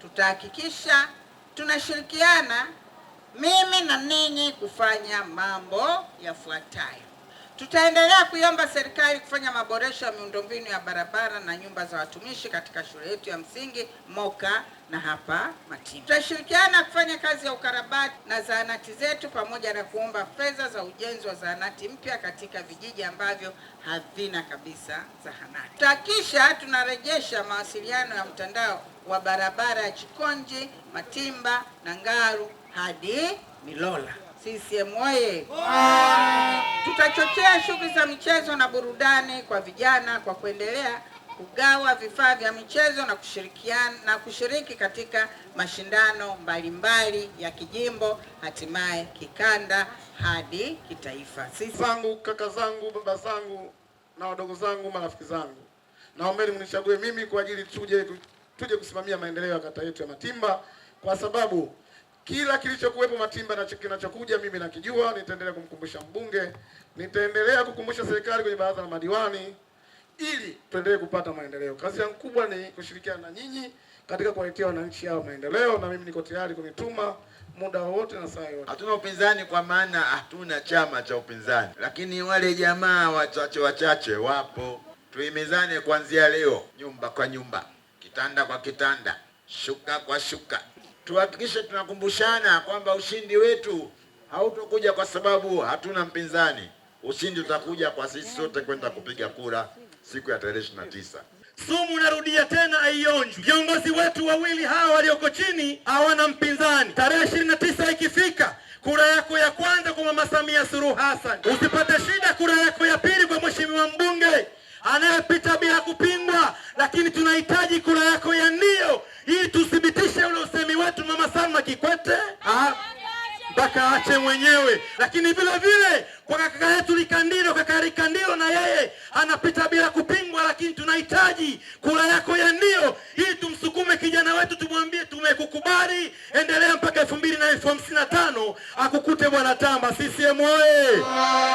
tutahakikisha tunashirikiana mimi na ninyi kufanya mambo yafuatayo. Tutaendelea kuiomba serikali kufanya maboresho ya miundombinu ya barabara na nyumba za watumishi katika shule yetu ya msingi Moka na hapa Matima. Tutashirikiana kufanya kazi ya ukarabati na zahanati zetu pamoja na kuomba fedha za ujenzi wa zahanati mpya katika vijiji ambavyo havina kabisa zahanati. Tutahakikisha tunarejesha mawasiliano ya mtandao wa barabara ya Chikonji, Matimba na Ngaru hadi Milola. CCM oye! Tutachochea shughuli za michezo na burudani kwa vijana kwa kuendelea kugawa vifaa vya michezo na kushirikiana na kushiriki katika mashindano mbalimbali mbali ya kijimbo, hatimaye kikanda hadi kitaifa. Sisi zangu, kaka zangu, baba zangu na wadogo zangu, marafiki zangu, naombeni mnichague mimi kwa ajili tuje tuje kusimamia maendeleo ya kata yetu ya Matimba, kwa sababu kila kilichokuwepo Matimba na kinachokuja mimi nakijua. Nitaendelea kumkumbusha mbunge, nitaendelea kukumbusha serikali kwenye baraza la madiwani, ili tuendelee kupata maendeleo. Kazi yangu kubwa ni kushirikiana na nyinyi katika kuwaletea wananchi hao maendeleo, na mimi niko tayari kunituma muda wote na saa yote. Hatuna upinzani kwa maana hatuna chama cha upinzani, lakini wale jamaa wachache wachache wapo. Tuimezane kuanzia leo, nyumba kwa nyumba kitanda kwa kitanda, shuka kwa shuka. Tuhakikishe tunakumbushana kwamba ushindi wetu hautokuja kwa sababu hatuna mpinzani. Ushindi utakuja kwa sisi sote kwenda kupiga kura siku ya tarehe ishirini na tisa. Sumu narudia tena, aionjwi. Viongozi wetu wawili hawa walioko chini hawana mpinzani. Tarehe ishirini na tisa ikifika, kura yako ya kwanza kwa mama Samia Suluhu Hassan, usipate shida. Kura yako ya pili kwa mheshimiwa mbunge anayepita bila kupita lakini tunahitaji kura yako ya ndio ili tuthibitishe ule usemi wetu Mama Salma Kikwete mpaka aache mwenyewe. Lakini vile vile kwa kaka yetu Likandilo, kaka Likandilo na yeye anapita bila kupingwa, lakini tunahitaji kura yako ya ndio ili tumsukume kijana wetu, tumwambie tumekukubali, endelea mpaka elfu mbili na elfu hamsini na tano akukute Bwana Tamba. CCM oye!